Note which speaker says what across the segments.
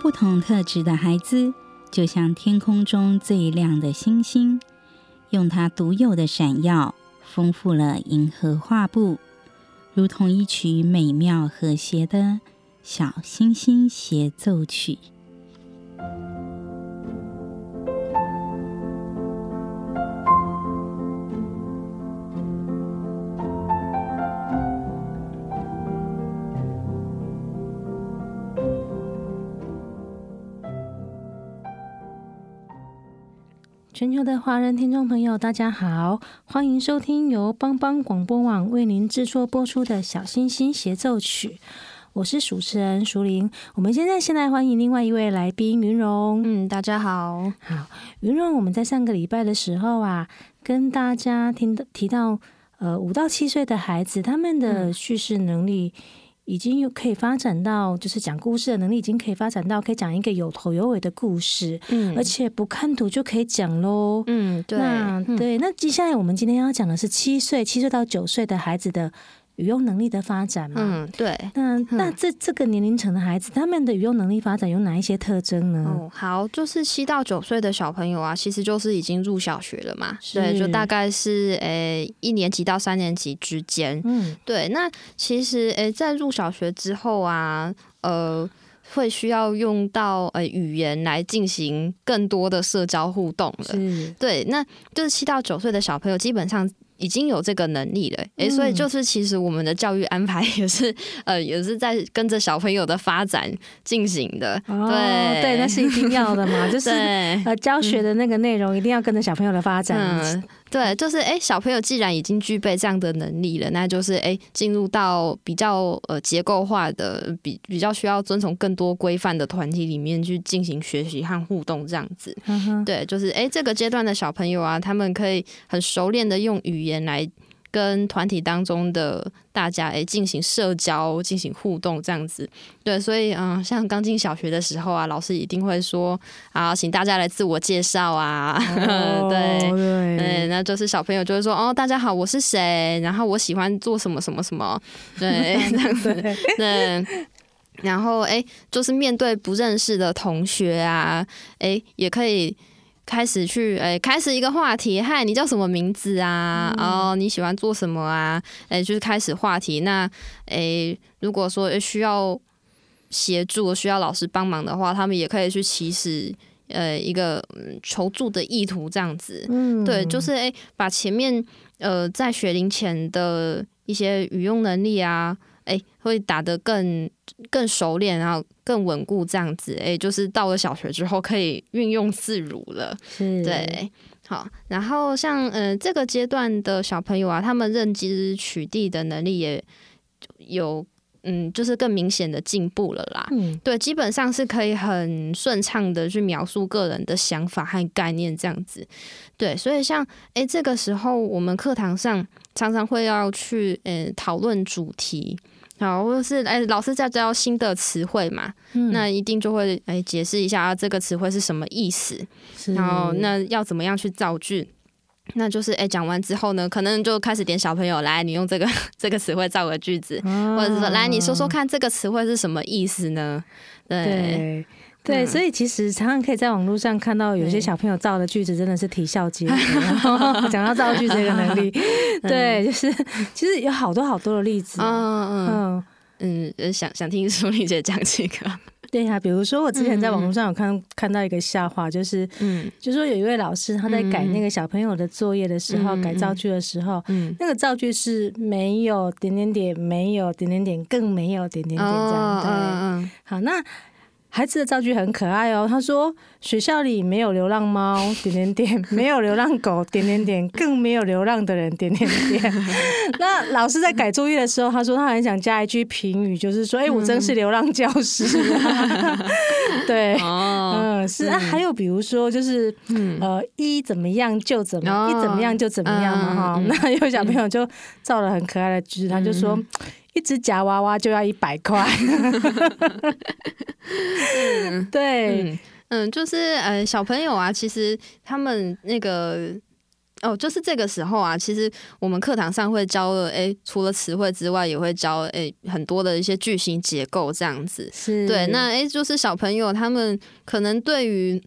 Speaker 1: 不同特質的孩子，就像天空中最亮的星星，用它獨有的閃耀，豐富了銀河畫布，如同一曲美妙和諧的小星星協奏曲。全球的華人聽眾朋友，大家好，歡迎收聽由幫幫廣播網為您製作播出的《小星星協奏曲》，我是主持人淑鈴。我們現在先來歡迎另外一位來賓昀容。嗯，大家好，好，昀容，我們在上個禮拜的時候啊，跟大家聽到提到，呃，五到七歲的孩子他們的敘事能力。嗯已經又可以發展到，就是講故事的能力，已經可以發展到可以講一個有頭有尾的故事，嗯，而且不看圖就可以講嘍，嗯，對，對、嗯，那接下來我們今天要講的是七歲，七歲到九歲的孩子的。語用能力的發展嘛，嗯，對，那那這這個年齡層的孩子，嗯、他們的語用能力發展有哪一些特徵呢？哦、嗯，好，
Speaker 2: 就是七到九歲的小朋友啊，其實就是已經入小學了嘛，對，就大概是誒、欸、一年級到三年級之間，嗯，對，那其實誒、欸、在入小學之後啊，呃，會需要用到呃、欸、語言來進行更多的社交互動了，對，那就是七到九歲的小朋友基本上。已經有這個能力了、欸，哎、嗯欸，所以就是其實我們的教育安排也是，呃，也是在跟着小朋友的發展進行的、哦，對，對，那是一定要的嘛， 就是呃，教學的那個內容一定要跟着小朋友的發展。嗯對，就是誒小朋友既然已經具備這樣的能力了，那就是誒進入到比較呃結構化的，比比較需要遵從更多規範的團體裡面去進行學習和互動這樣子。嗯哼。對，就是誒這個階段的小朋友啊，他們可以很熟練的用語言來。跟團體當中的大家誒進行社交、進行互動這樣子，對，所以嗯，像剛進小學的時候啊，老師一定會說：“啊，請大家來自我介紹啊。哦 對”對，對，那就是小朋友就會說：“哦，大家好，我是誰？然後我喜歡做什麼什麼什麼。”對， 對這樣子。對， 然後誒，就是面對不認識的同學啊，誒，也可以。開始去誒、欸，開始一個話題，嗨，你叫什麼名字啊？哦、嗯，oh, 你喜歡做什麼啊？誒、欸，就是開始話題。那誒、欸，如果說、欸、需要協助，需要老師幫忙的話，他們也可以去起始呃、欸、一個、嗯、求助的意圖這樣子。嗯、對，就是誒、欸，把前面呃在學齡前的一些語用能力啊，誒、欸，會打得更。更熟練，然後更穩固，這樣子，哎，就是到了小學之後，可以運用自如了。是，對，好。然後像，嗯、呃，這個階段的小朋友啊，他們認知取替的能力也有，嗯，就是更明顯的進步了啦、嗯。對，基本上是可以很順暢的去描述個人的想法和概念，這樣子。對，所以像，哎，這個時候我們課堂上常常會要去，嗯，討論主題。好，或是哎、欸，老師在教新的詞彙嘛、嗯，那一定就會哎解釋一下、啊、這個詞彙是什麼意思是，然後那要怎麼樣去造句？那就是哎、欸、講完之後呢，可能就開始點小朋友來，你用這個這個詞彙造個句子，啊、或者說來你說說看這個詞彙是什麼意思呢？對。對對，所以其實常常可
Speaker 1: 以在網絡上看到有些小朋友造的句子真的是啼笑皆非。 講到造句這個能力， 對，
Speaker 2: 就是其實有好多好多的例子。嗯嗯嗯嗯，嗯，想想聽淑鈴姐講幾個。
Speaker 1: 對呀、啊，比如說我之前在網絡上有看、嗯、看到一個笑話，就是嗯，就是、說有一位老師他在改那個小朋友的作業的時候，嗯、改造句的時候嗯，嗯，那個造句是沒有點點點，沒有點點點，更沒有點點點這樣。對、哦、對，嗯嗯、好那。孩子的造句很可愛哦，他說學校裡沒有流浪貓，點點點，沒有流浪狗，點點點，更沒有流浪的人，點點點。 那老師在改作業的時候，他說他很想加一句評語，就是說，哎、欸，我真是流浪教師。嗯、 對，oh, 嗯，是、啊，是。還有比如說，就是、嗯、呃，一怎麼樣就怎麼，一怎麼樣就怎麼樣嘛哈、oh, 嗯。那有小朋友就造了很可愛的句子、嗯，他就說。一只夾娃娃就要一百塊 嗯，
Speaker 2: 對，嗯，嗯就是嗯、呃，小朋友啊，其實他們那個哦，就是這個時候啊，其實我們課堂上會教了，誒，除了詞彙之外，也會教誒很多的一些句型結構這樣子，是對，那誒就是小朋友他們可能對於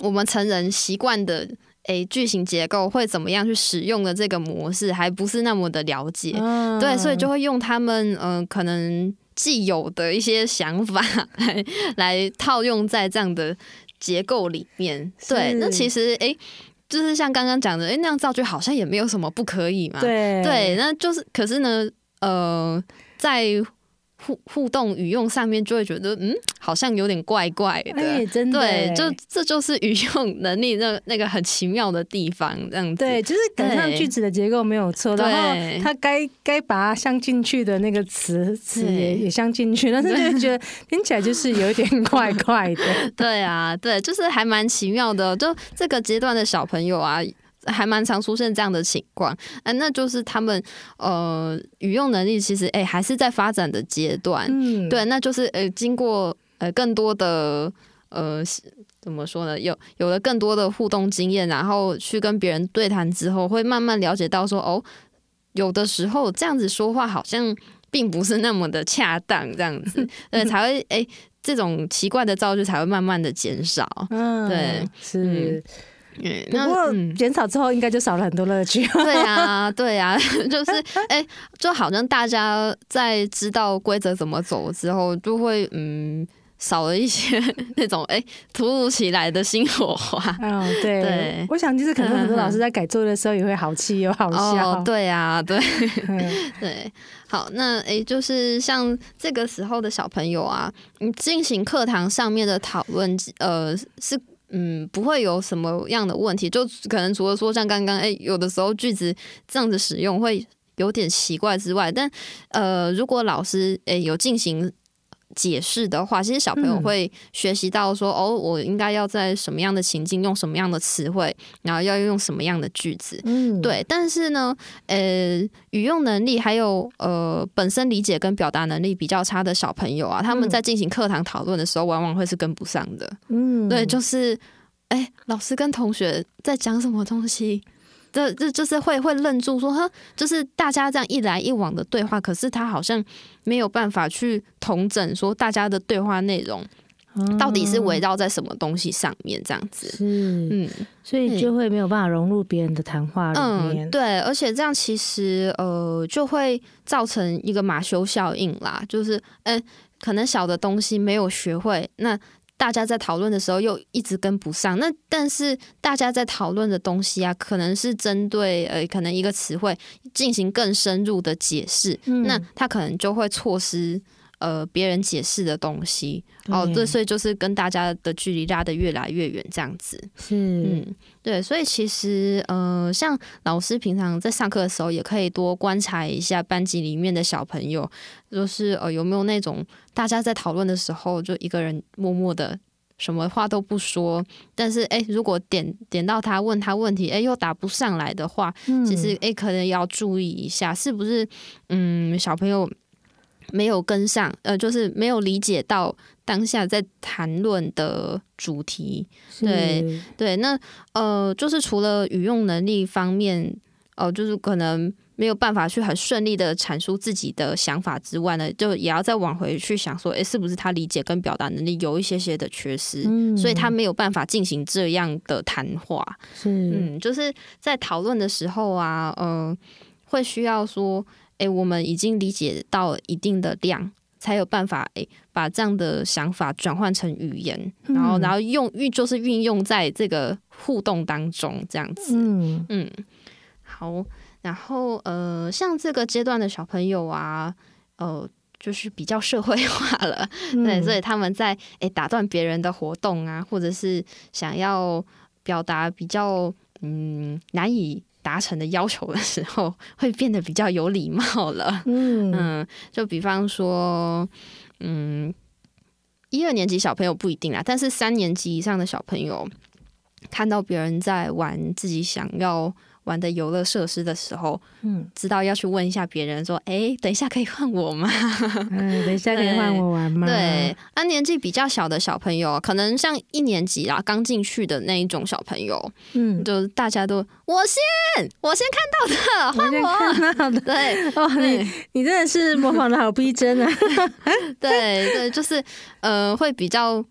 Speaker 2: 我們成人習慣的。哎、欸，句型結構會怎麼樣去使用的這個模式還不是那麼的了解，嗯、對，所以就會用他們呃可能既有的一些想法來來套用在這樣的結構裡面。對，那其實哎、欸，就是像剛剛講的，誒、欸，那樣造句好像也沒有什麼不可以嘛，對，對，那就是，可是呢，呃，在。互互動語用上面就會覺得嗯，好像有點怪怪的，哎、真的對。就這就是語用能力那那個很奇妙的地方，這樣子對，就是趕上句子
Speaker 1: 的結構沒有錯，然後他該該把它鑲進去的那個詞詞也也
Speaker 2: 鑲進去，但是就覺得聽起來就是有點怪怪的， 對啊，對，就是還蠻奇妙的，就這個階段的小朋友啊。還蠻常出現這樣的情況，嗯、啊，那就是他們呃語用能力其實哎、欸、還是在發展的階段、嗯，對，那就是呃經過呃更多的呃怎麼說呢，有有了更多的互動經驗，然後去跟別人對談之後，會慢慢了解到說哦，有的時候這樣子說話好像並不是那麼的恰當，這樣子， 對，才會哎、欸、這種奇怪的造句才會慢慢的減少，嗯，對，是。嗯嗯，然後減少之後，應該就少了很多樂趣。對呀、啊，對呀、啊， 就是哎、 欸，就好像大家在知道規則怎麼走之後，就會嗯，少了一些 那種哎、欸，突如其來的新火花、啊哦。對。我想就是可能很多老師
Speaker 1: 在改作業的時候也會好氣又好笑、嗯。哦，對
Speaker 2: 呀、啊，對、嗯、對。好，那哎、欸，就是像這個時候的小朋友啊，你進行課堂上面的討論，呃，是。嗯，不會有什麼樣的問題，就可能除了說像剛剛，誒、欸，有的時候句子這樣子使用會有點奇怪之外，但呃，如果老師，誒、欸，有進行。解釋的話，其實小朋友會學習到說、嗯、哦，我應該要在什麼樣的情境用什麼樣的詞彙，然後要用什麼樣的句子，嗯、對。但是呢，呃、欸，語用能力還有呃本身理解跟表達能力比較差的小朋友啊，他們在進行課堂討論的時候、嗯，往往會是跟不上的。嗯，對，就是哎、欸，老師跟同學在講什麼東西。這這就，就，就是會會愣住說，說哼，就是大家這樣一來一往的對話，可是他好像沒有辦法去統整說大家的對話內容到底是圍繞在什麼東西上面這樣子，嗯，
Speaker 1: 是嗯，所以就會沒有辦法融入別人的談話裡面，嗯，
Speaker 2: 對，而且這樣其實呃就會造成一個馬修效應啦，就是嗯，欸，可能小的東西沒有學會那。大家在討論的時候又一直跟不上，那但是大家在討論的東西啊，可能是針對呃，可能一個詞彙進行更深入的解釋，嗯，那他可能就會錯失。呃，別人解釋的東西，哦，對，所以就是跟大家的距離拉得越來越遠，這樣子。嗯，對，所以其實，呃，像老師平常在上課的時候，也可以多觀察一下班級裡面的小朋友，就是，呃，有沒有那種大家在討論的時候，就一個人默默的，什麼話都不說，但是，哎，如果點點到他問他問題，哎，又答不上來的話，嗯、其實，哎，可能要注意一下，是不是，嗯，小朋友。沒有跟上，呃，就是沒有理解到當下在談論的主題，對對。那呃，就是除了語用能力方面，哦、呃，就是可能沒有辦法去很順利的闡述自己的想法之外呢，就也要再往回去想說，哎，是不是他理解跟表達能力有一些些的缺失，嗯、所以他沒有辦法進行這樣的談話。嗯，就是在討論的時候啊，呃，會需要說。哎、欸，我們已經理解到一定的量，才有辦法、欸、把這樣的想法轉換成語言，嗯、然後然後用運就是運用在這個互動當中這樣子。嗯，嗯，好，然後呃，像這個階段的小朋友啊，呃，就是比較社會化了，嗯、對，所以他們在、欸、打斷別人的活動啊，或者是想要表達比較，嗯，難以。達成的要求的時候，會變得比較有禮貌了嗯。嗯，就比方說，嗯，一二年級小朋友不一定啦，但是三年級以上的小朋友，看到別人在玩自己想要。玩的遊樂設施的時候，嗯，知道要去問一下別人，說：“哎，等一下可以換我嗎？嗯，等一下可以換我玩嗎？”對啊，年紀比較小的小朋友，可能像一年級啦，剛進去的那一種小朋友，嗯，就大家都我先，我先看到的，換我，對，哇， 你你真的是模仿的好逼真啊！ 對對，就是，呃，會比較，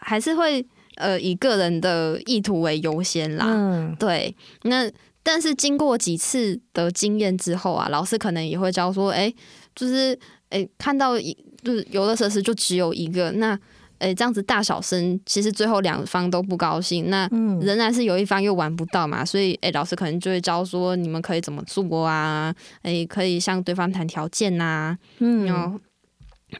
Speaker 2: 還是會。呃，以個人的意圖為優先啦，嗯，對。那但是經過幾次的經驗之後啊，老師可能也會教說，哎，欸，就是哎，欸，看到一就是遊樂設施就只有一個，那哎，欸，這樣子大小聲，其實最後兩方都不高興，那仍然是有一方又玩不到嘛，嗯，所以哎，欸，老師可能就會教說，你們可以怎麼做啊？哎，欸，可以向對方談條件吶，啊，
Speaker 3: 嗯，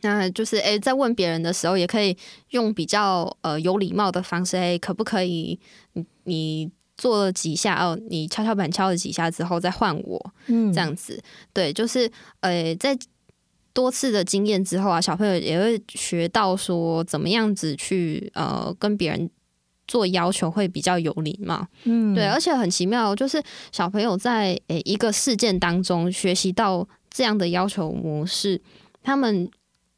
Speaker 2: 那就是欸，在問別人的時候，也可以用比較呃有禮貌的方式欸，可不可以你，你做了幾下哦？你敲敲板敲了幾下之後再換我，嗯，這樣子對，就是欸，在多次的經驗之後啊，小朋友也會學到說怎麼樣子去呃跟別人做要求會比較有禮貌，嗯，對，而且很奇妙，就是小朋友在欸一個事件當中學習到這樣的要求模式，他們，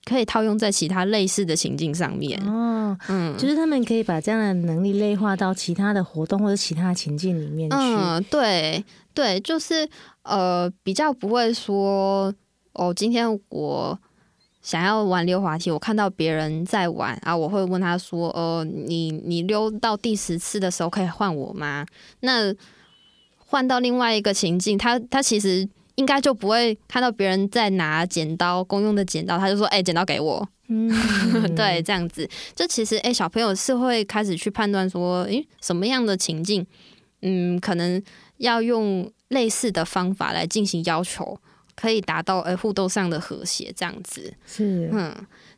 Speaker 2: 可以套用在其他類似的情境上面哦，嗯，
Speaker 1: 就是他們可以把這樣的能力類化到其他的活動或者其他的情境裡面去。嗯，
Speaker 2: 對，對，就是呃，比較不會說哦，今天我想要玩溜滑梯，我看到別人在玩啊，我會問他說，哦、呃，你你溜到第十次的時候可以換我嗎？那換到另外一個情境，他他其實。應該就不會看到別人在拿剪刀，公用的剪刀，他就說：“欸，剪刀給我。
Speaker 3: 嗯”
Speaker 2: 對，這樣子，就其實欸，小朋友是會開始去判斷說，欸，什麼樣的情境，嗯，可能要用類似的方法來進行要求，可以達到欸互動上的和諧，這樣子是，嗯，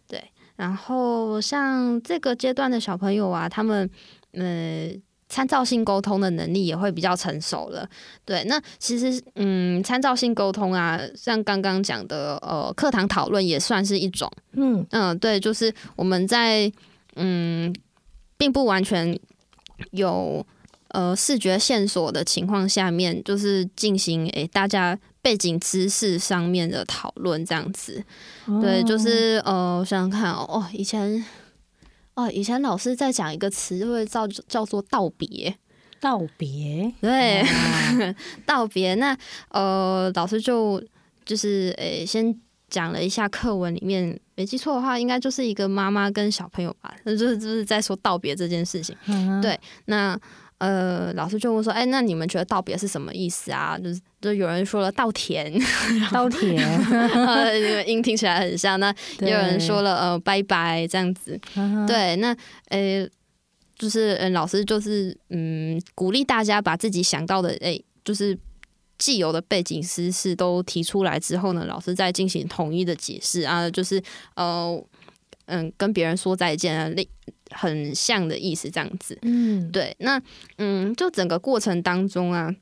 Speaker 2: 對。然後像這個階段的小朋友啊，他們呃參照性溝通的能力也會比較成熟了，對。那其實，嗯，參照性溝通啊，像剛剛講的，呃，課堂討論也算是一種，嗯嗯、呃，對，就是我們在嗯，並不完全有呃視覺線索的情況下面，就是進行誒、欸，大家背景知識上面的討論這樣子，對，就是呃，我想想看哦，哦，以前。哦，以前老師在講一個詞，就會叫叫做道別。道別，對，yeah. 道別。那呃，老師就就是呃、欸，先講了一下課文裡面，沒記錯的話，應該就是一個媽媽跟小朋友吧，那就是就是在說道別這件事情。Uh-huh. 對，那。呃，老師就問說：“哎、欸，那你們覺得道別是什麼意思啊？就是，就有人說了稻田，稻田，因為音聽起來很像。那也有人說了呃，拜拜這樣子。對，那哎、欸，就是、欸、老師就是嗯，鼓勵大家把自己想到的，哎、欸，就是既有的背景知識都提出來之後呢，老師再進行統一的解釋啊，就是哦。呃嗯，跟別人說再見啊，類很像的意思，這樣子。嗯，對。那嗯，就整個過程當中啊，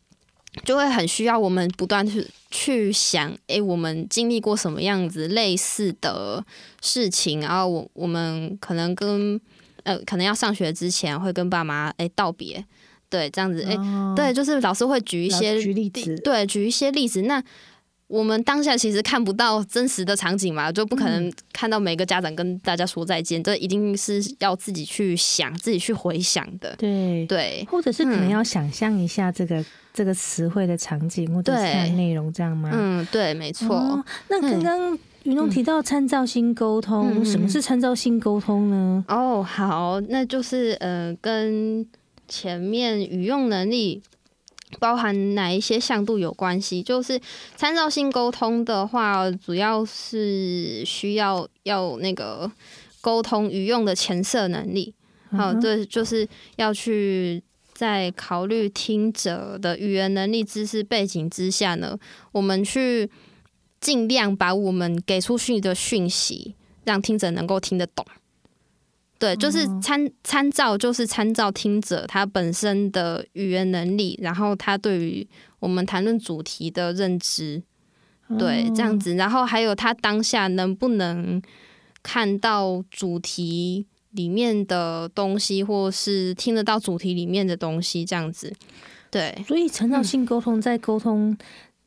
Speaker 2: 就會很需要我們不斷去去想，哎、欸，我們經歷過什麼樣子類似的事情，然後我我們可能跟呃，可能要上學之前會跟爸媽哎、欸道別，對，這樣子哎、哦，欸，對，就是老師會舉一些舉例子，對，舉一些例子，那。我們當下其實看不到真實的場景嘛，就不可能看到每個家長跟大家說再見，這、嗯、一定是要自己去想、自己去回想的。對對，
Speaker 1: 或者是可能、嗯、要想象一下這個這個詞彙的場景或者是內容這樣嗎？嗯，對，沒錯、嗯嗯嗯。那剛剛昀容提到參照性
Speaker 2: 溝通、嗯，什麼是參照性溝通呢、嗯嗯？哦，好，那就是呃，跟前面語用能力。包含哪一些向度有關係？就是參照性溝通的話，主要是需要要那個溝通語用的前設能力。好、嗯哦，對，就是要去在考慮聽者的語言能力、知識背景之下呢，我們去儘量把我們給出去的訊息，讓聽者能夠聽得懂。對，就是參參照，就是參照聽者他本身的語言能力，然後他對於我們談論主題的認知，哦、對，這樣子，然後還有他當下能不能看到主題裡面的東西，或是聽得到主題裡面的東西，這樣子，對。所以成長性溝通、嗯、在溝通。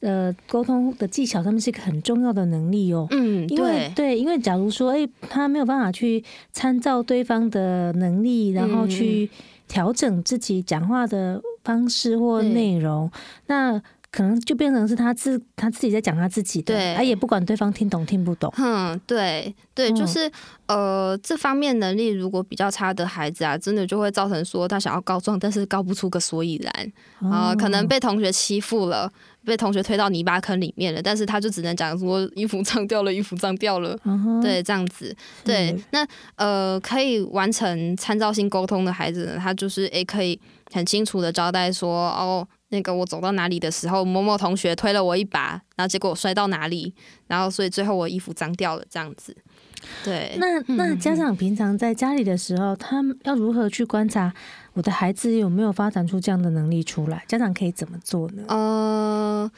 Speaker 1: 呃，溝通的技巧上面是一個很重要的能力哦。嗯，對，因為對，因為假如說，哎、欸，他沒有辦法去參照對方的能力，然後去調整自己講話的方式或內容，嗯、那可能就變成是他自他自己在講他自己的，他、欸、也不管對方聽懂聽不懂。嗯，
Speaker 2: 對，對，嗯、就是呃，這方面能力如果比較差的孩子啊，真的就會造成說他想要告狀，但是告不出個所以然啊、哦呃，可能被同學欺負了。被同學推到泥巴坑裡面了，但是他就只能講說衣服髒掉了，衣服髒掉了，uh -huh. 對，這樣子，對。Mm -hmm. 那呃，可以完成參照性溝通的孩子呢，他就是也、欸、可以很清楚的交代說，哦，那個我走到哪裡的時候，某某同學推了我一把，然後結果我摔到哪裡，然後所以最後我衣服髒掉了，這樣子。對。
Speaker 1: 那那家長平常在家裡的時候，他們要如何去觀察？我的孩子有沒有發展出這樣的能力出來？家長可以怎麼做呢？呃，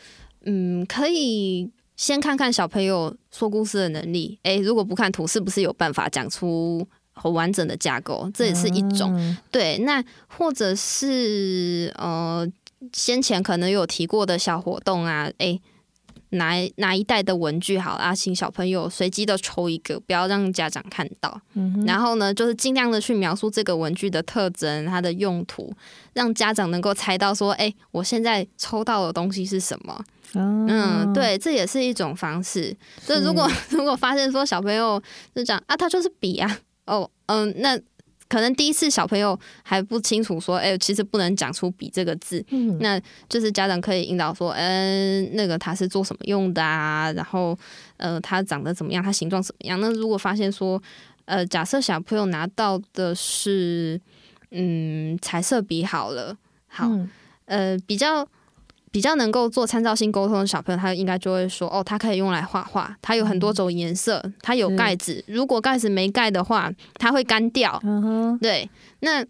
Speaker 1: 嗯，
Speaker 2: 可以先看看小朋友說故事的能力。誒、欸，如果不看圖，是不是有辦法講出很完整的架構？這也是一種、嗯、對。那或者是呃，先前可能有提過的小活動啊，誒、欸。拿拿一袋的文具好啊，請小朋友隨機的抽一個，不要讓家長看到。嗯、然後呢，就是盡量的去描述這個文具的特徵、它的用途，讓家長能夠猜到說，哎、欸，我現在抽到的東西是什麼？哦、嗯，對，這也是一種方式。所以如果如果發現說小朋友是這樣啊，他就是筆啊，哦，嗯，那。可能第一次小朋友還不清楚，說，哎，其實不能講出筆這個字。嗯，那就是家長可以引導說，嗯，那個他是做什麼用的啊？然後，呃，他長得怎麼樣？他形狀怎麼樣？那如果發現說，呃，假設小朋友拿到的是，嗯，彩色筆好了，好，嗯，呃，比較。比較能夠做參照性溝通的小朋友，他應該就會說哦，它可以用來畫畫，它有很多種顏色，它、嗯、有蓋子。如果蓋子沒蓋的話，它會乾掉。嗯哼，對。那誒、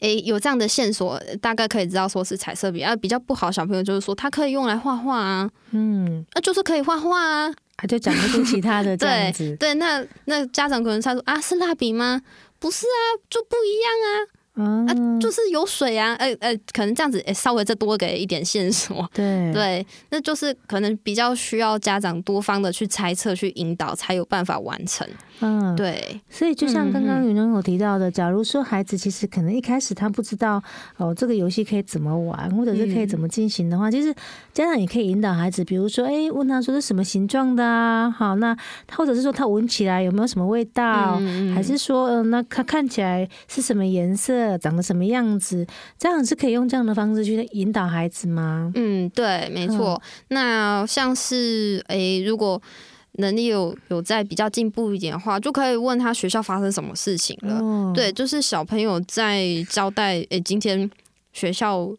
Speaker 2: 欸，有這樣的線索，大概可以知道說是彩色筆。而比較不好小朋友就是說，它可以用來畫畫啊，嗯，那、啊、就是可以畫畫啊，他就講一些其他的。 對，對，那那家長可能猜說啊，是蠟筆嗎？不是啊，就不一樣啊。嗯、啊，就是有水啊，誒、欸、誒、欸，可能這樣子、欸，稍微再多給一點線索，對，對，那就是可能比較需要家長多方的去猜測、去引導，才有辦法完成。
Speaker 1: 嗯，對，所以就像剛剛昀容所提到的、嗯，假如說孩子其實可能一開始他不知道哦、呃、這個遊戲可以怎麼玩，或者是可以怎麼進行的話，嗯、就是家長也可以引導孩子，比如說哎、欸，問他說是什麼形狀的啊？好，那或者是說他聞起來有沒有什麼味道，嗯嗯，還是說、呃、那他看起來是什麼顏色，長得什
Speaker 2: 麼樣子？這樣是可以用這樣的方式去引導孩子嗎？嗯，對，沒錯、嗯。那像是誒、欸，如果能力有有在比較進步一點的話，就可以問他學校發生什麼事情了。哦、對，就是小朋友在交代誒、欸，今天學校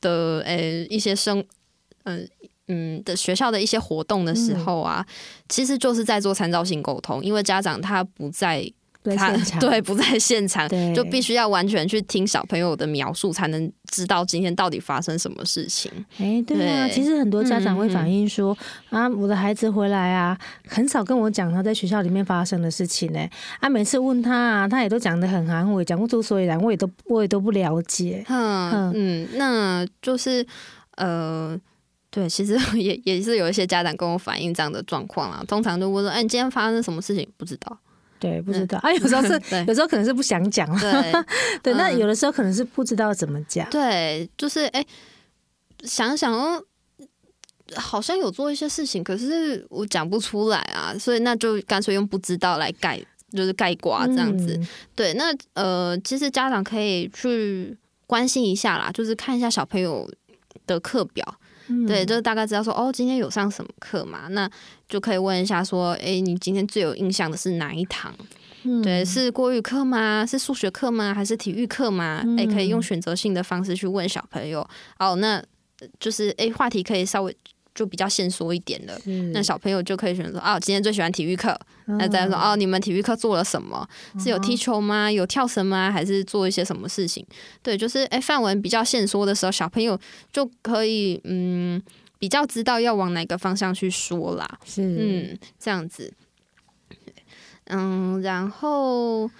Speaker 2: 的誒、欸、一些生，呃、嗯嗯的學校的一些活動的時候啊，嗯、其實就是在做參照性溝通，因為家長他不在。對，不在現場，現場就必須要完全去聽小朋友的描述，才能知道今天到底發生什麼事情。哎、
Speaker 1: 欸，對啊對，其實很多家長會反映說、嗯，啊，我的孩子回來啊，很少跟我講他在學校裡面發生的事情呢、欸。啊，每次問他啊，他也都講的很含糊，講不出所以然，我也都我也都不了解。
Speaker 2: 嗯嗯，那就是呃，對，其實也也是有一些家長跟我反映這樣的狀況啊，通常都會說，哎、欸，你今天發生什麼事情？不知道。對，
Speaker 1: 不知道他、嗯啊、有時候是、嗯對，有
Speaker 2: 時候可能是不想講對。 對，那有的時候可
Speaker 1: 能是不知道怎麼講、嗯。
Speaker 2: 對，就是哎、欸，想想哦，好像有做一些事情，可是我講不出來啊，所以那就乾脆用不知道來蓋，就是概括這樣子。嗯、對，那呃，其實家長可以去關心一下啦，就是看一下小朋友的課表。對，就是大概知道說，哦，今天有上什麼課嘛？那就可以問一下說，誒、欸，你今天最有印象的是哪一堂？嗯、對，是國語課嗎？是數學課嗎？還是體育課嗎？誒、嗯欸，可以用選擇性的方式去問小朋友。哦，那就是誒、欸，話題可以稍微。就比較限縮一點了，那小朋友就可以選擇啊、哦，今天最喜歡體育課。
Speaker 1: 那、嗯、再說
Speaker 2: 哦，你們體育課做了什麼、嗯？是有踢球嗎？有跳繩嗎？還是做一些什麼事情？對，就是哎，範文比較限縮的時候，小朋友就可以嗯，比較知道要往哪個方向去說啦。嗯，這樣子，嗯，然後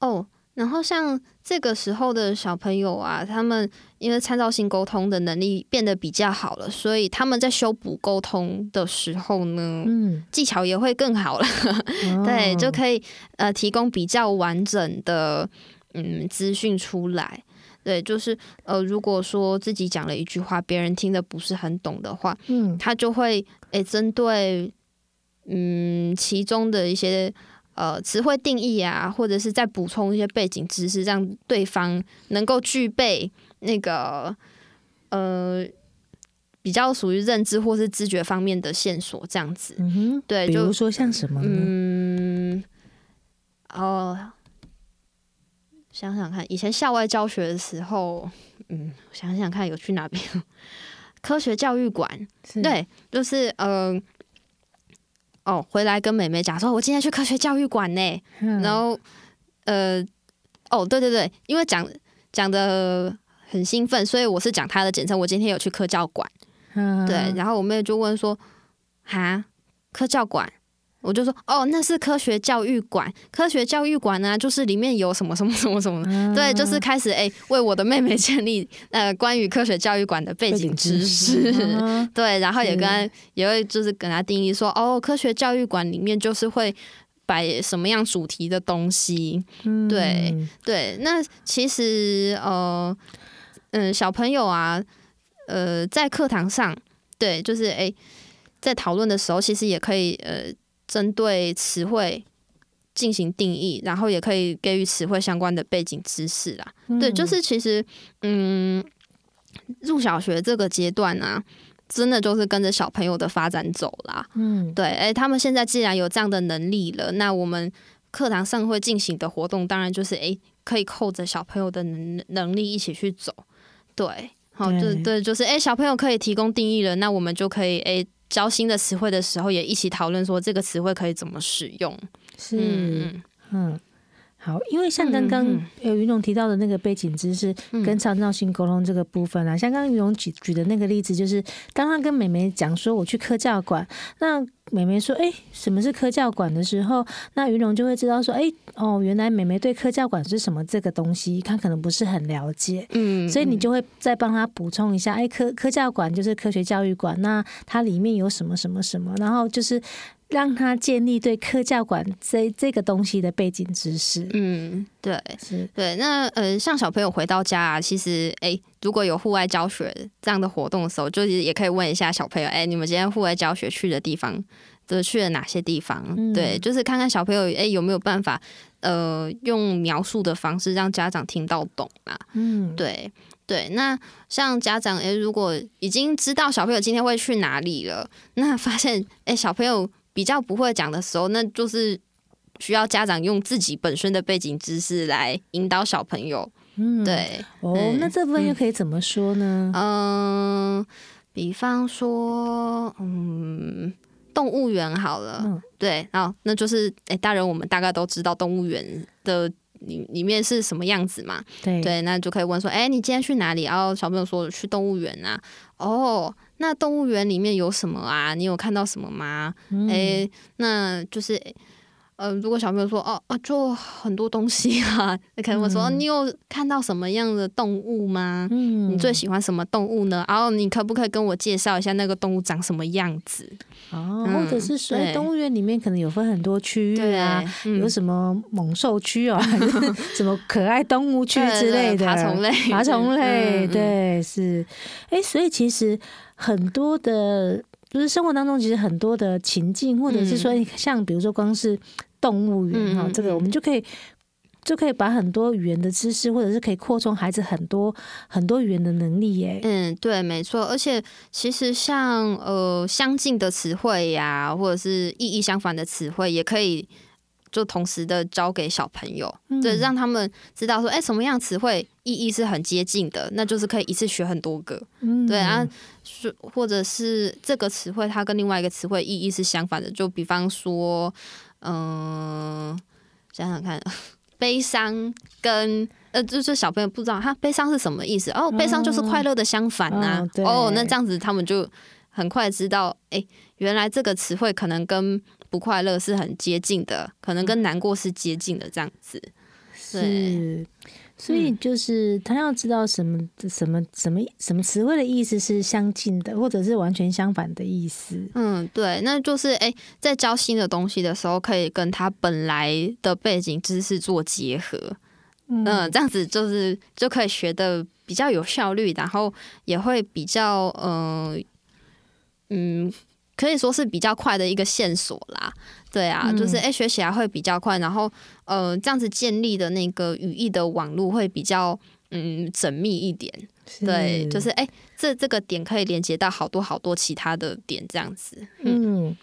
Speaker 2: 哦。然後像這個時候的小朋友啊，他們因為參照性溝通的能力變得比較好了，所以他們在修補溝通的時候呢，嗯、技巧也會更好了， 哦、對，就可以呃提供比較完整的嗯資訊出來，對，就是呃如果說自己講了一句話，別人聽得不是很懂的話，嗯，他就會誒針對嗯其中的一些。呃，詞彙定義啊，或者是再補充一些背景知識，讓對方能夠具備那個呃比較屬於認知或是知覺方面的線索，這樣子。嗯，對，就，比如
Speaker 1: 說像什麼呢？
Speaker 2: 嗯，哦、呃，想想看，以前校外教學的時候，嗯，想想看有去哪邊？科學教育館，對，就是嗯。呃哦，回來跟妹妹講說，我今天去科學教育館呢、嗯，然後，呃，哦，對對對，因為講講的很興奮，所以我是講他的簡稱，我今天有去科教館、嗯，
Speaker 3: 對，
Speaker 2: 然後我妹就問說，哈，科教館。我就說哦，那是科學教育館，科學教育館呢、啊，就是裡面有什麼什麼什麼什麼、嗯、對，就是開始哎、欸，為我的妹妹建立呃關於科學教育館的背景知識，背景知識、嗯，對，然後也跟也會就是跟他定義說哦，科學教育館裡面就是會擺什麼樣主題的東西，嗯、對對，那其實呃嗯、呃，小朋友啊，呃，在課堂上對，就是哎、欸，在討論的時候，其實也可以呃。針對詞彙進行定義，然後也可以給予詞彙相關的背景知識啦、嗯。對，就是其實，嗯，入小學這個階段呢、啊，真的就是跟着小朋友的發展走啦。嗯，對，哎、欸，他們現在既然有這樣的能力了，那我們課堂上會進行的活動，當然就是哎、欸，可以扣着小朋友的能能力一起去走。對，對好，就對，就是哎、欸，小朋友可以提供定義了，那我們就可以哎。欸教新的詞彙的時候，也一起討論說這個詞彙可以怎麼使用、嗯。是，
Speaker 1: 嗯，好，因為像剛剛有昀容提到的那個背景知識跟參照性溝通這個部分啊，像剛剛昀容舉舉的那個例子，就是剛剛跟妹妹講說我去科教館那。妹妹說：“哎、欸，什麼是科教館的時候，那昀容就會知道說：哎、欸，哦，原來妹妹對科教館是什麼這個東西，她可能不是很了解。嗯，所以你就會再幫她補充一下：哎、欸，科科教館就是科學教育館，那它裡面有什麼什麼什麼，然後就是讓她建立對科教館這這個東西的背景知識。嗯，
Speaker 2: 對，是對。那呃，像小朋友回到家啊，其實哎。欸”如果有戶外教學這樣的活動的時候，就也可以問一下小朋友：哎，你們今天戶外教學去的地方，都去了哪些地方？嗯，對，就是看看小朋友哎有沒有辦法，呃，用描述的方式讓家長聽到懂嘛。嗯，對對。那像家長哎，如果已經知道小朋友今天會去哪裡了，那發現哎，小朋友比較不會講的時候，那就是需要家長用自己本身的背景知識來引導小朋友。嗯，對嗯，哦，那這部分又可以怎麼說呢？嗯，比方說，嗯，動物園好了，嗯、對，哦，那就是，哎、欸，大人，我們大概都知道動物園的裡裡面是什麼樣子嘛，對，對那就可以問說，哎、欸，你今天去哪裡？然後、哦、小朋友說去動物園啊，哦，那動物園裡面有什麼啊？你有看到什麼嗎？哎、嗯欸，那就是。嗯、呃，如果小朋友說哦啊，就很多東西啊，那可能我說、嗯哦、你有看到什麼樣的動物嗎？嗯，你最喜歡什麼動物呢？然後你可不可以跟我介紹一下那個動物長什麼樣子？哦，嗯、或者是說動
Speaker 1: 物園裡面可能有分很多區域啊，對啊嗯、有什麼猛獸區啊，什麼可愛動物區之類的爬蟲類，爬蟲類，嗯蟲類嗯、對，是。哎，所以其實很多的，就是生活當中其實很多的情境，或者是說、嗯、像比如說光是。動物園然後、嗯、這個我們就可以、嗯、就可以把很多語言的知識，或者是可以擴充孩子
Speaker 2: 很多很多語言的能力耶。嗯，對，沒錯。而且其實像呃相近的詞彙呀，或者是意義相反的詞彙，也可以就同時的教給小朋友、嗯，對，讓他們知道說，哎、欸，什麼樣詞彙意義是很接近的，那就是可以一次學很多個。嗯、對啊，是或者是這個詞彙它跟另外一個詞彙意義是相反的，就比方說。嗯、呃，想想看，悲傷跟呃，就是小朋友不知道他悲傷是什麼意思，哦，悲傷就是快樂的相反吶、啊哦哦。哦，那這樣子他們就很快知道，哎、欸，原來這個詞彙可能跟不快樂是很接近的，可能跟難過是接近的這樣子。
Speaker 1: 是。所以就是他要知道什麼什麼什麼什麼詞彙的意思是相近的，或者是完全相反的意思。
Speaker 2: 嗯，對，那就是誒、欸，在教新的東西的時候，可以跟他本來的背景知識做結合。嗯，嗯，這樣子就是就可以學得比較有效率，然後也會比較呃，嗯。可以說是比較快的一個線索啦，對啊，嗯、就是、欸、學起來會比較快，然後呃，這樣子建立的那個語義的網絡會比較嗯縝密一點，對，就是哎、欸，這這個點可以連接到好多好多其他的點，這樣子
Speaker 1: 嗯，嗯，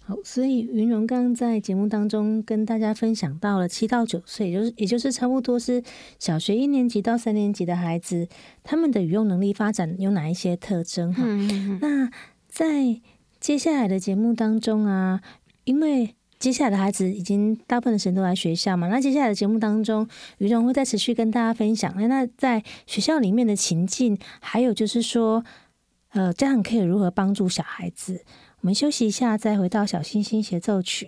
Speaker 1: 好，所以昀容剛剛在節目當中跟大家分享到了七到九歲，也就是也就是差不多是小學一年級到三年級的孩子，他們的語用能力發展有哪一些特徵哈、嗯嗯嗯？那在接下來的節目當中啊，因為接下來的孩子已經大部分的時間都來學校嘛，那接下來的節目當中，昀容會再持續跟大家分享，那在學校裡面的情境，還有就是說，呃，家長可以如何幫助小孩子？我們休息一下，再回到《小星星協奏曲》。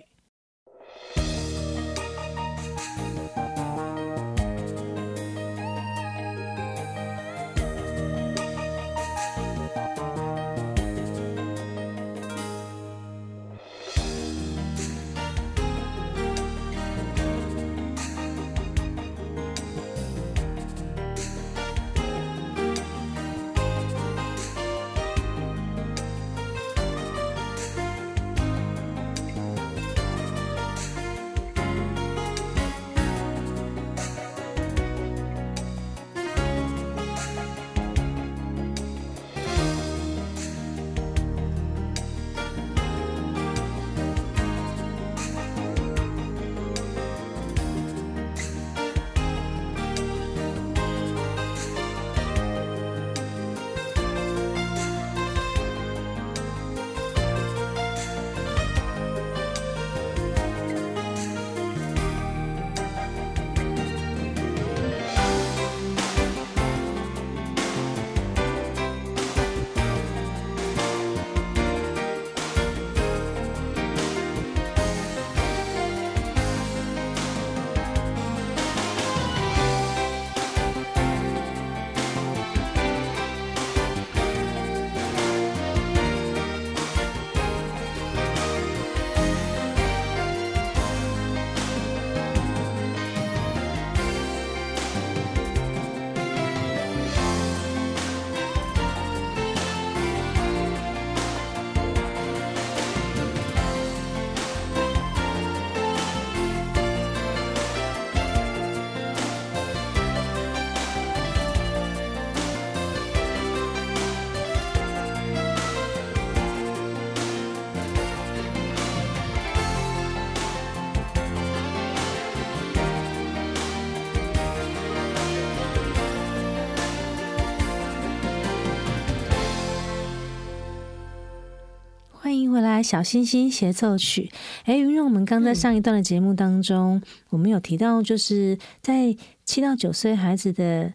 Speaker 1: 小星星協奏曲。哎，昀容，我們剛在上一段的節目當中，嗯、我們有提到，就是在七到九歲孩子的。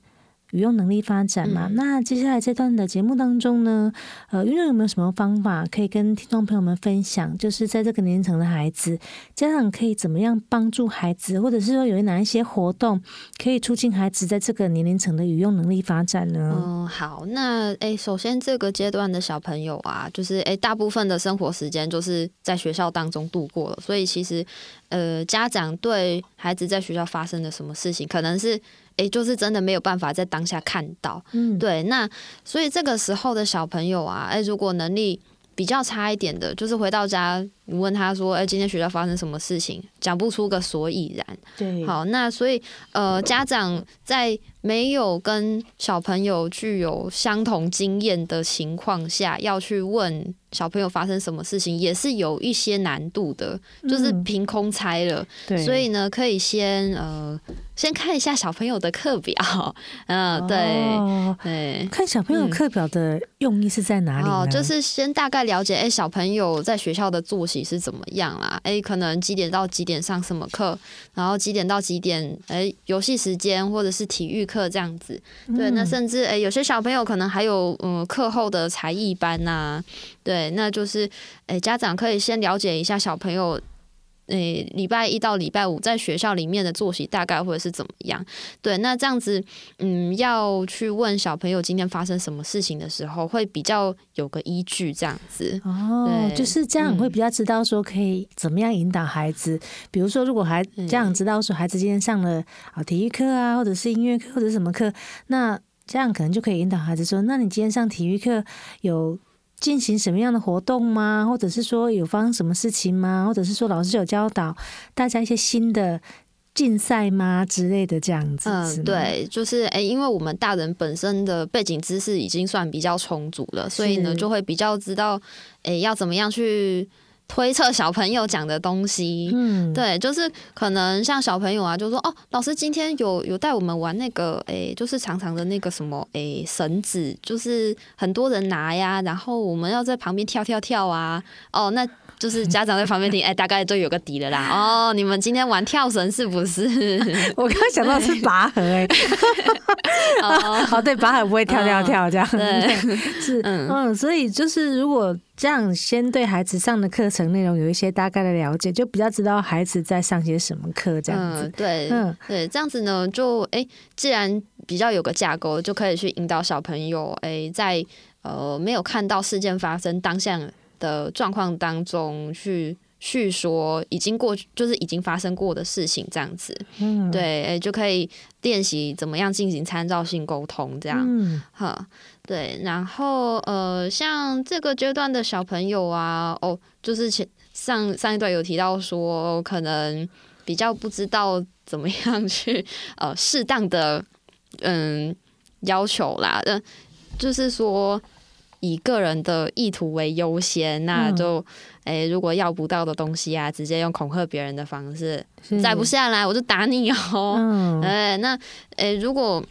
Speaker 1: 語用能力發展嘛，嗯、那接下來這段的節目當中呢，呃，昀容有沒有什麼方法可以跟聽眾朋友們分享，就是在這個年齡層的孩子，家長可以怎麼樣幫助孩子，或者是說有哪一些活動可以促進孩子在這個年齡層的語用能力發展呢？嗯，
Speaker 2: 好，那誒、欸，首先這個階段的小朋友啊，就是誒、欸，大部分的生活時間就是在學校當中度過了，所以其實呃，家長對孩子在學校發生了什麼事情，可能是。欸，就是真的沒有辦法在當下看到，嗯，對，那所以這個時候的小朋友啊，欸，如果能力比較差一點的，就是回到家。你問他說：“哎、欸，今天學校發生什麼事情？”講不出個所以然。對，好，那所以呃，家長在沒有跟小朋友具有相同經驗的情況下，要去問小朋友發生什麼事情，也是有一些難度的，嗯、就是憑空猜了。對，所以呢，可以先呃，先看一下小朋友的課表。嗯、哦，對，對，看小朋友課
Speaker 1: 表的用意是在哪裡？哦、嗯，就是
Speaker 2: 先大概了解，哎、欸，小朋友在學校的作息。你是怎麼樣啦、啊？誒，可能幾點到幾點上什麼課，然後幾點到幾點誒，遊戲時間或者是體育課這樣子。嗯、對，那甚至誒，有些小朋友可能還有嗯課後的才藝班吶、啊。對，那就是誒，家長可以先了解一下小朋友，誒、哎，禮拜一到禮拜五在學校裡面的作息大概會是怎麼樣？對，那這樣子，嗯，要去問小朋友今天發生什麼事情的時候，會比較有個依據，這樣子哦，
Speaker 1: 對，就是這樣，會比較知道說可以怎麼樣引導孩子。嗯、比如說，如果孩家長知道說孩子今天上了啊體育課啊，或者是音樂課，或者什麼課，那家長可能就可以引導孩子說，那你今天上體育課有。進行什麼樣的活動嗎？或者是說有發生什麼事情嗎？或者是說老師有教導大家一些新的競賽嗎之類的這樣子？嗯，對，
Speaker 2: 就是誒、欸，因為我們大人本身的背景知識已經算比較充足了，所以呢就會比較知道誒、欸，要怎麼樣去。推測小朋友講的東西，嗯，對，就是可能像小朋友啊，就說哦，老師今天有有帶我們玩那個，誒、欸，就是長長的那個什麼，誒、欸，繩子，就是很多人拿呀，然後我們要在旁邊跳跳跳啊，哦，那。就是家長在旁邊聽，哎、欸，大概都有個底了啦。哦，你們今天玩跳繩是不是？ 我剛想到是拔河、欸，哎
Speaker 1: 哦嗯，哦，對，拔河不會跳跳跳這樣。嗯、對，是嗯，嗯，所以就是如果這樣，先對孩子上的課程內容有一些大概的了解，就比較知道孩子在上些什麼課這樣子。嗯、對、嗯，
Speaker 2: 對，這樣子呢，就哎、欸，既然比較有個架構，就可以去引導小朋友，哎、欸，在呃沒有看到事件發生當下。的狀況當中去敘說已經過去，就是已經發生過的事情，這樣子，嗯、對，哎，就可以練習怎麼樣進行參照性溝通，這樣，哈、嗯，對，然後，呃，像這個階段的小朋友啊，哦，就是前上上一段有提到說，可能比較不知道怎麼樣去，呃，適當的，嗯，要求啦，那、呃、就是說。以個人的意圖為優先，那就，誒，嗯，欸，如果要不到的東西啊，直接用恐嚇別人的方式，再不下來我就打你哦，誒，嗯，欸，那，誒，欸，如果。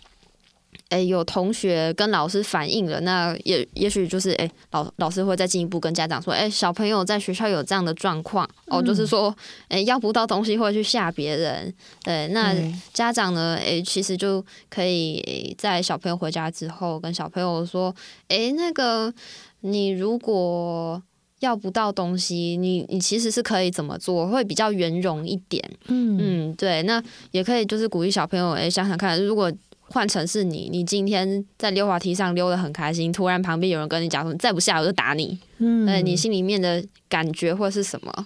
Speaker 2: 哎，有同學跟老師反映了，那也也許就是哎，老老師會再進一步跟家長說，哎，小朋友在學校有這樣的狀況，嗯、哦，就是說，哎，要不到東西會去嚇別人，對，那家長呢，哎、嗯，其實就可以在小朋友回家之後跟小朋友說，哎，那個你如果要不到東西，你你其實是可以怎麼做，會比較圓融一點，嗯，嗯對，那也可以就是鼓勵小朋友，哎，想想看，如果。換成是你，你今天在溜滑梯上溜得很開心，突然旁邊有人跟你講說：“你再不下來，我就打你。”嗯，你心裡面的感覺或是什麼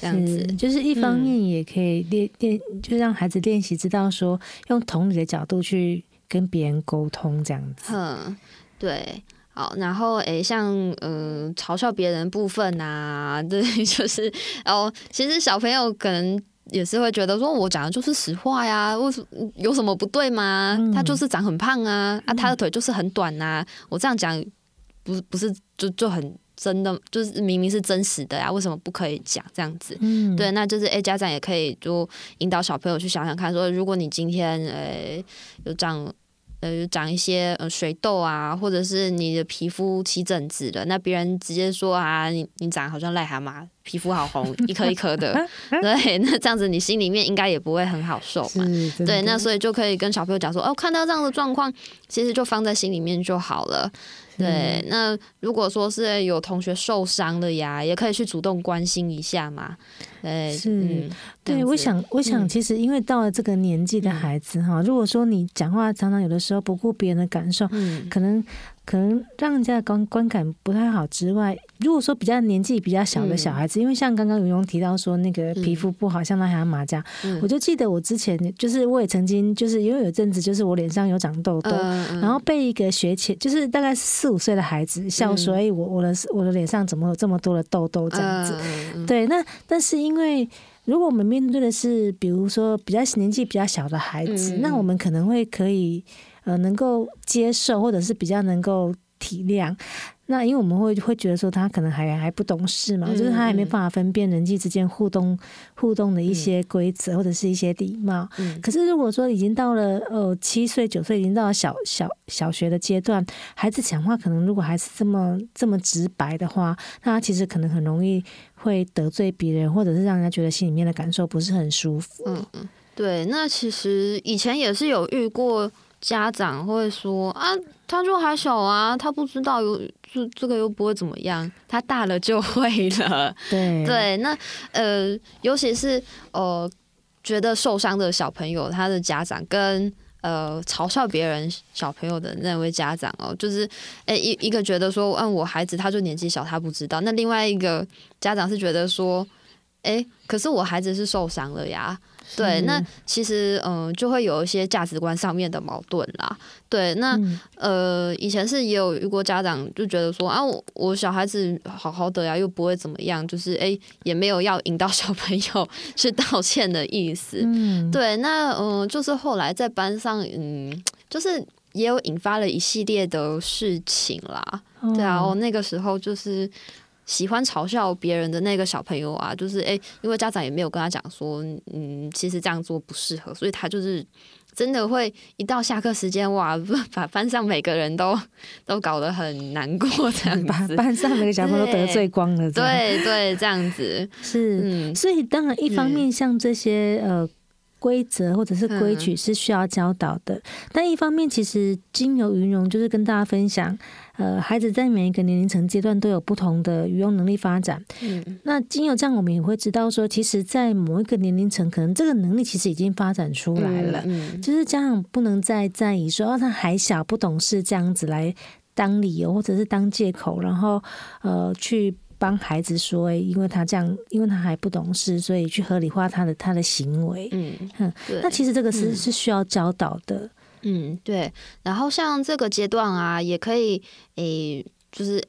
Speaker 2: 這樣子？就是一方
Speaker 1: 面也可以練練、嗯，就讓孩子練習知道說，用同理的角度去跟別人溝通這樣子。
Speaker 2: 哼、嗯、對，好，然後哎、欸，像嗯嘲笑別人部分吶、啊，對，就是哦，其實小朋友可能。也是會覺得說，我講的就是實話呀，為什麼有什麼不對嗎、嗯？他就是長很胖啊，啊，他的腿就是很短吶、啊嗯，我這樣講不不是就就很真的，就是明明是真實的呀，啊，為什麼不可以講這樣子？嗯，對，那就是哎，家長也可以就引導小朋友去想想看，說如果你今天哎有、欸，長。呃，長一些呃水痘啊，或者是你的皮膚起疹子的，那別人直接說啊，你你長好像癩蛤蟆，皮膚好紅，一顆一顆的，對，那這樣子你心裡面應該也不會很好受嘛，對，那所以就可以跟小朋友講說，哦，看到這樣的狀況，其實就放在心裡面就好了。對，那如果說是有同學受傷了呀，也可以去主動關心一下嘛。對，是，嗯、對，我想，我想，其
Speaker 1: 實因為到了這個年紀的孩子哈、嗯，如果說你講話常常有的時候不顧別人的感受，嗯、可能。可能讓人家觀觀感不太好之外，如果說比較年紀比較小的小孩子，嗯、因為像剛剛昀容提到說那個皮膚不好，嗯、像癩蛤蟆、嗯、我就記得我之前就是我也曾經就是因為有一陣子就是我臉上有長痘痘、嗯，然後被一個學前就是大概四五歲的孩子笑說、嗯、我我的我的臉上怎麼有這麼多的痘痘這樣子？”嗯、對，那但是因為如果我們面對的是比如說比較年紀比較小的孩子、嗯，那我們可能會可以。呃，能夠接受或者是比較能夠體諒，那因為我們會會覺得說他可能還還不懂事嘛、嗯，就是他還沒辦法分辨人際之間互動互動的一些規則、嗯、或者是一些禮貌、嗯。可是如果說已經到了呃七歲九歲，已經到了小小小學的階段，孩子講話可能如果還是這麼這麼直白的話，那他其實可能很容易會得罪別人，或者是讓人家覺得心裡面的感受不是很舒服。嗯嗯，
Speaker 2: 對。那其實以前也是有遇過。家長會說啊，他就還小啊，他不知道有，又這這個又不會怎麼樣，他大了就會了。對，對那呃，尤其是呃，覺得受傷的小朋友，他的家長跟呃嘲笑別人小朋友的那位家長哦，就是誒，一、欸、一個覺得說，嗯，我孩子他就年紀小，他不知道；那另外一個家長是覺得說，誒、欸，可是我孩子是受傷了呀。對，那其實嗯、呃，就會有一些價值觀上面的矛盾啦。對，那、嗯、呃，以前是也有遇過家長就覺得說啊，我小孩子好好的呀，又不會怎麼樣，就是誒、欸、也沒有要引導小朋友去道歉的意思。嗯、對，那嗯、呃，就是後來在班上，嗯，就是也有引發了一系列的事情啦。嗯、對啊，我那個時候就是。喜歡嘲笑別人的那個小朋友啊，就是哎、欸，因為家長也沒有跟他講說，嗯，其實這樣做不適合，所以他就是真的會一到下課時間，哇，把班上每個人都都搞得很難過，這樣子，把班上每個小朋友都得罪
Speaker 1: 光了，對對，對這樣子是，嗯，所以當然一方面像這些呃。規則或者是規矩是需要教導的，嗯、但一方面其實經由昀容就是跟大家分享，呃，孩子在每一個年齡層階段都有不同的語用能力發展。嗯、那經由這樣我們也會知道說，其實在某一個年齡層，可能這個能力其實已經發展出來了。嗯嗯，就是家長不能再在意說哦、啊、他還小不懂事這樣子來當理由或者是當借口，然後呃去。幫孩子說，哎，因為他這樣，因為他還不懂事，所以去合理化他的他的行為。
Speaker 2: 嗯哼、嗯，那其實這個是、嗯、是
Speaker 1: 需要教導的。
Speaker 2: 嗯，對。然後像這個階段啊，也可以，哎、欸，就是。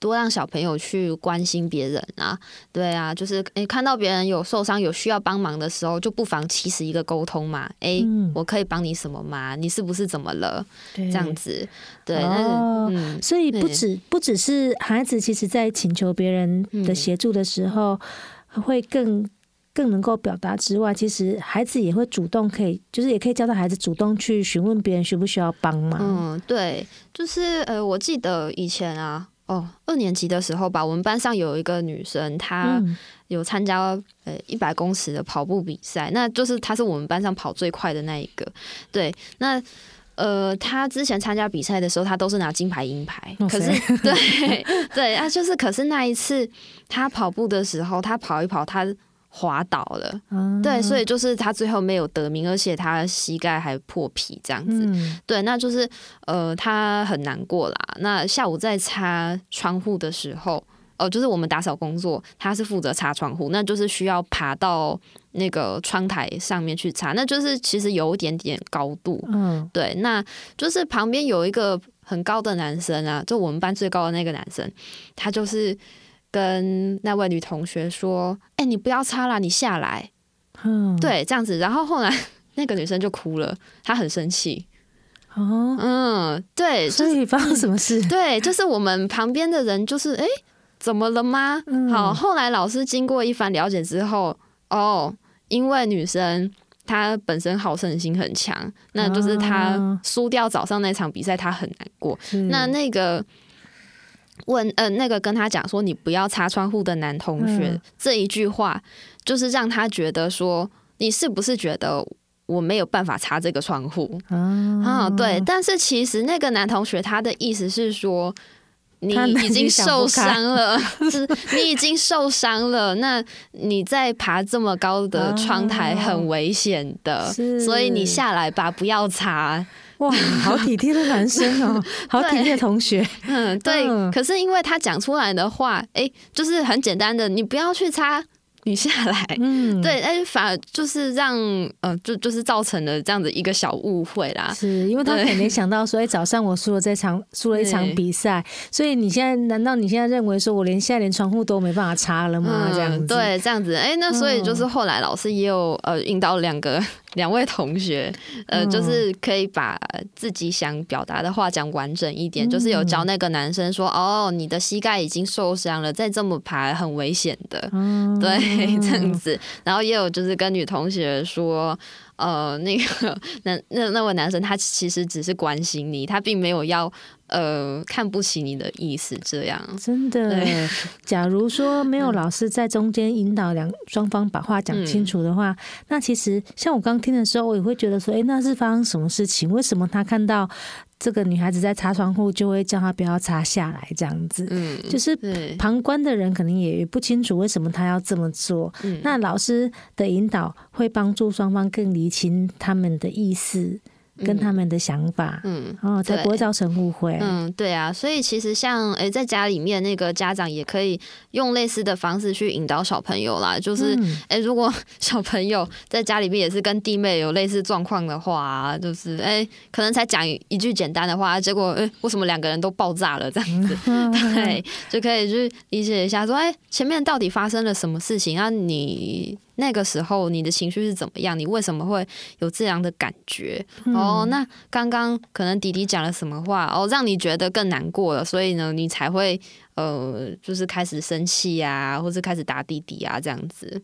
Speaker 2: 多讓小朋友去關心別人啊，對啊，就是哎、欸，看到別人有受傷、有需要幫忙的時候，就不妨其實一個溝通嘛，哎、欸嗯，我可以幫你什麼嗎？你是不是怎麼了？這樣子，對。哦，嗯、所以不止
Speaker 1: 不只是孩子，其實在請求別人的協助的時候，會更、嗯、更能夠表達之外，其實孩子也會主動可以，就是也可以教導孩子主動去詢問別人需不需要幫忙。嗯，
Speaker 2: 對，就是呃，我記得以前啊。哦，二年級的時候吧，我們班上有一個女生，她有參加呃一百公尺的跑步比賽。嗯，那就是她是我們班上跑最快的那一個。對，那呃，她之前參加比賽的時候，她都是拿金牌銀牌。Oh，可是，對對，啊，就是可是那一次她跑步的時候，她跑一跑，她。滑倒了。嗯，對，所以就是他最後沒有得名，而且他膝蓋還破皮這樣子，嗯、對，那就是呃，他很難過啦。那下午在擦窗戶的時候，哦、呃，就是我們打掃工作，他是負責擦窗戶，那就是需要爬到那個窗臺上面去擦，那就是其實有一點點高度，嗯，對，那就是旁邊有一個很高的男生啊，就我們班最高的那個男生，他就是。跟那位女同學說：“哎、欸，你不要擦了，你下來。”嗯，對，這樣子。然後後來那個女生就哭了，她很生氣。哦，嗯，對。所以發生什麼事？對，就是我們旁邊的人，就是哎、欸，怎麼了嗎、嗯？好，後來老師經過一番了解之後，哦，因為女生她本身好勝心很強，那就是她輸掉早上那場比賽，她很難過。嗯、那那個。問呃，那個跟他講說你不要擦窗戶的男同學、嗯、這一句話，就是讓他覺得說你是不是覺得我沒有辦法擦這個窗戶啊、嗯哦？對，但是其實那個男同學他的意思是說
Speaker 1: 你已經受傷了，
Speaker 2: 你 是，你已經受傷了，那你在爬這麼高的窗台很危險的，嗯、所以你下來吧，不要擦。哇，好體貼的男生哦，好體貼的同學。 嗯，對。可是因為他講出來的話，哎、嗯欸，就是很簡單的，你不要去擦，你下來。嗯，對。但是反而就是讓，呃，就就是造成了這樣子一個小誤會啦。是因為他肯定
Speaker 1: 想到說，欸、早上我輸了這場，輸了一場比賽，所以你現在難道你現在認為說我連現在連窗戶
Speaker 2: 都沒辦法擦了嗎？這樣、嗯、對，這樣子。哎、欸，那所以就是後來老師也有、嗯、呃引導兩個。兩位同學，呃，就是可以把自己想表達的話講完整一點，嗯。就是有教那個男生說：“嗯，哦，你的膝蓋已經受傷了，再這麼爬很危險的。嗯”對，這樣子。然後也有就是跟女同學說：“呃，那個，那那那位男生他其實只是關心你，他並沒有要。”呃，看不起你的意思這樣，真的。假如
Speaker 1: 說沒有老師在中間引導兩雙方把話講清楚的話，嗯，那其實像我剛聽的時候，我也會覺得說，哎，那是發生什麼事情？為什麼他看到這個女孩子在擦窗戶，就會叫她不要擦下來這樣子？嗯，就是旁觀的人可能也不清楚為什麼他要這麼做。嗯，那老師的引導會幫助雙方更釐清他們的意思。跟他們的想法，嗯，哦，才不會造成誤會嗯。嗯，
Speaker 2: 對啊，所以其實像，哎、欸，在家裡面那個家長也可以用類似的方式去引導小朋友啦。就是，哎、嗯欸，如果小朋友在家裡面也是跟弟妹有類似狀況的話，就是，哎、欸，可能才講一，一句簡單的話，結果，哎、欸，為什麼兩個人都爆炸了這樣子？ 對，就可以去理解一下，說，哎、欸，前面到底發生了什麼事情啊？你。那個時候你的情緒是怎麼樣？你為什麼會有這樣的感覺？嗯、哦，那剛剛可能弟弟講了什麼話，哦，讓你覺得更難過了，所以呢，你才會呃，就是開始生氣呀、啊，或者開始打弟弟啊，這樣子。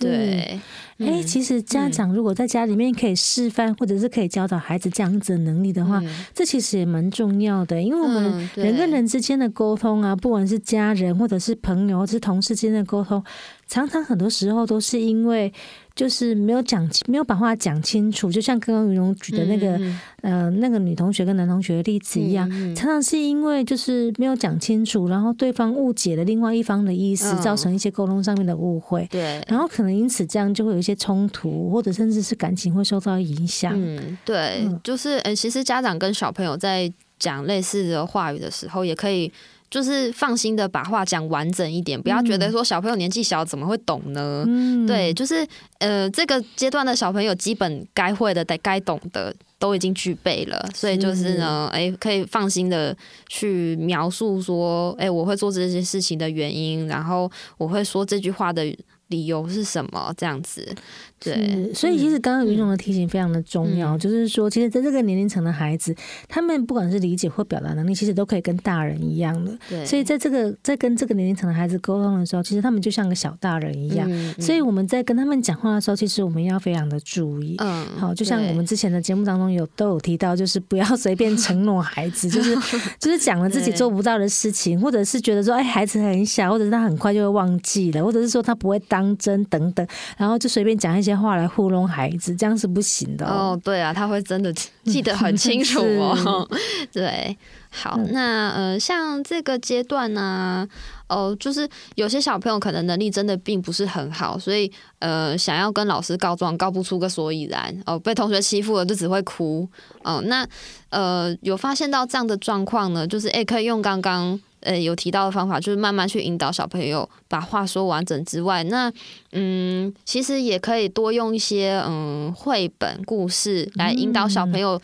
Speaker 2: 對，哎、嗯欸，其實家
Speaker 1: 長如果在家裡面可以示範、嗯，或者是可以教導孩子這樣子的能力的話，嗯、這其實也蠻重要的，因為我們人跟人之間的溝通啊，嗯、不管是家人或者是朋友，或者是同事之間的溝通。常常很多時候都是因為，就是沒有講清，沒有把話講清楚。就像剛剛昀容舉的那個嗯嗯，呃，那個女同學跟男同學的例子一樣嗯嗯，常常是因為就是沒有講清楚，然後對方誤解了另外一方的意思，嗯、造成一些溝通上面的誤會、嗯。對，然後可能因此這樣就會有一些衝突，或者甚至是感情會受到影響。嗯，
Speaker 2: 對，嗯、就是，呃、欸，其實家長跟小朋友在講類似的話語的時候，也可以。就是放心的把話講完整一點，不要覺得說小朋友年紀小怎麼會懂呢？嗯、對，就是呃，這個階段的小朋友基本該會的、該該懂的都已經具備了，所以就是呢，誒、欸，可以放心的去描述說，誒、欸，我會做這些事情的原因，然後我會說這句話的理由是什麼，這樣子。對，所以其實
Speaker 1: 剛剛昀容的提醒非常的重要，嗯、就是說，其實在這個年齡層的孩子、嗯，他們不管是理解或表達能力，其實都可以跟大人一樣的。對。所以在這個在跟這個年齡層的孩子溝通的時候，其實他們就像個小大人一樣。嗯。所以我們在跟他們講話的時候、嗯，其實我們要非常的注意。嗯。好，就像我們之前的節目當中有都有提到，就是不要隨便承諾孩子，就是就是講了自己做不到的事情，或者是覺得說，哎、欸，孩子很小，或者是他很快就會忘記了，或者是說他不會當真等等，然後就隨便講一些，電話來糊弄孩
Speaker 2: 子，這樣是不行的哦。哦對啊，他會真的記得很清楚哦。 對，好，那呃，像這個階段呢、啊，哦、呃，就是有些小朋友可能能力真的並不是很好，所以呃，想要跟老師告狀，告不出個所以然哦、呃。被同學欺負了，就只會哭哦、呃。那呃，有發現到這樣的狀況呢，就是哎，可以用剛剛。呃、欸，有提到的方法就是慢慢去引導小朋友把話說完整之外，那嗯，其實也可以多用一些嗯繪本故事來引導小朋友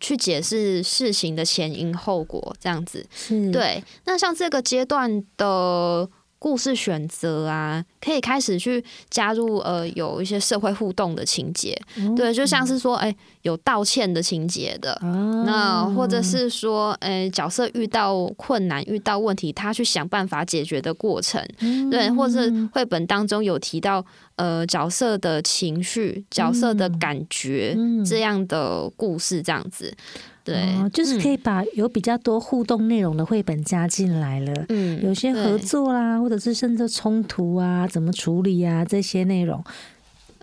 Speaker 2: 去解釋事情的前因後果，這樣子、嗯。對，那像這個階段的，故事選擇啊，可以開始去加入呃有一些社會互動的情節，哦、對，就像是說哎、欸、有道歉的情節的，哦、那或者是說哎、欸、角色遇到困難遇到問題，他去想辦法解決的過程，嗯、對，或者繪本當中有提到呃角色的情緒、角色的感覺、嗯、這樣的故事這樣子。對，哦，就是可以把
Speaker 1: 有比較多互動內容的繪本加進來了，嗯，有些合作啦，啊，或者是甚至衝突啊，怎麼處理啊，這些內容。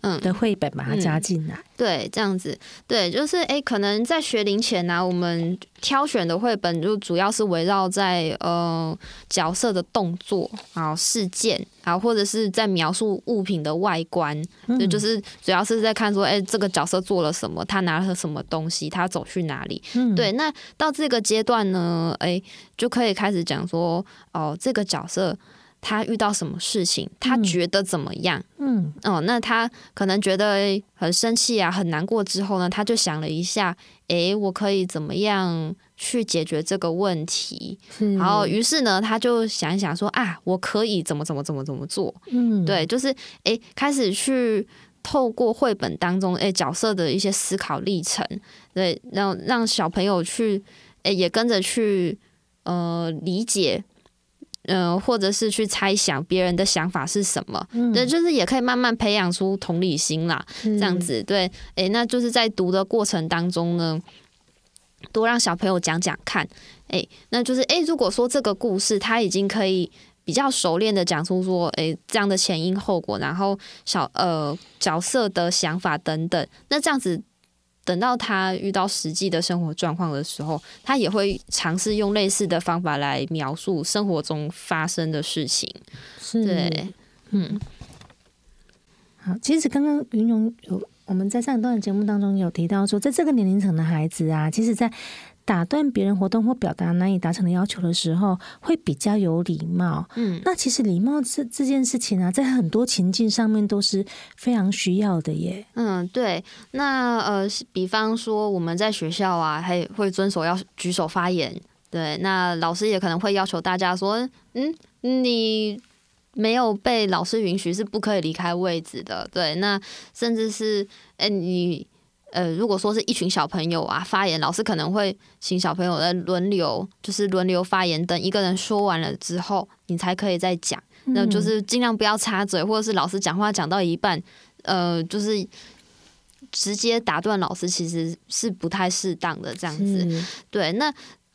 Speaker 1: 嗯，的繪本把它加進來，嗯嗯，
Speaker 2: 對，這樣子，對，就是哎、欸，可能在學齡前啊，我們挑選的繪本就主要是圍繞在呃角色的動作，然後事件，然後或者是在描述物品的外觀，對，嗯，就，就是主要是在看說，哎、欸，這個角色做了什麼，他拿了什麼東西，他走去哪裡，嗯，對，那到這個階段呢，哎、欸，就可以開始講說，哦，呃，這個角色。他遇到什麼事情，他覺得怎麼樣？嗯，哦、嗯呃，那他可能覺得很生氣啊，很難過。之後呢，他就想了一下，哎、欸，我可以怎麼樣去解決這個問題？然後，於是呢，他就想一想說啊，我可以怎麼怎麼怎麼怎麼做？嗯，對，就是哎、欸，開始去透過繪本當中哎、欸、角色的一些思考歷程，對，讓讓小朋友去哎、欸、也跟着去呃理解。嗯、呃，或者是去猜想別人的想法是什麼，對、嗯，就是也可以慢慢培養出同理心啦，嗯，這樣子對，哎、欸，那就是在讀的過程當中呢，多讓小朋友講講看，哎、欸，那就是哎、欸，如果說這個故事他已經可以比較熟練的講出說，哎、欸，這樣的前因後果，然後小呃角色的想法等等，那這樣子。等到他遇到實際的生活狀況的時候，他也會嘗試用類似的方法來描述生活中發生的事情。
Speaker 1: 對是，嗯，好。其實剛剛昀容有我們在上一段節目當中有提到說，在這個年齡層的孩子啊，其實，在。打斷別人活動或表達難以達成的要求的時候，會比較有禮貌。嗯，那其實禮貌這這件事情啊，在很多情境上面都是非常需要的耶。嗯，
Speaker 2: 對。那呃，比方說我們在學校啊，還會遵守要舉手發言。對，那老師也可能會要求大家說，嗯，你沒有被老師允許是不可以離開位置的。對，那甚至是哎、欸、你。呃，如果說是一群小朋友啊發言，老師可能會請小朋友的輪流，就是輪流發言，等一個人說完了之後，你才可以再講。那就是盡量不要插嘴，或者是老師講話講到一半，呃，就是直接打斷老師其實是不太適當的，這樣子。嗯、對，那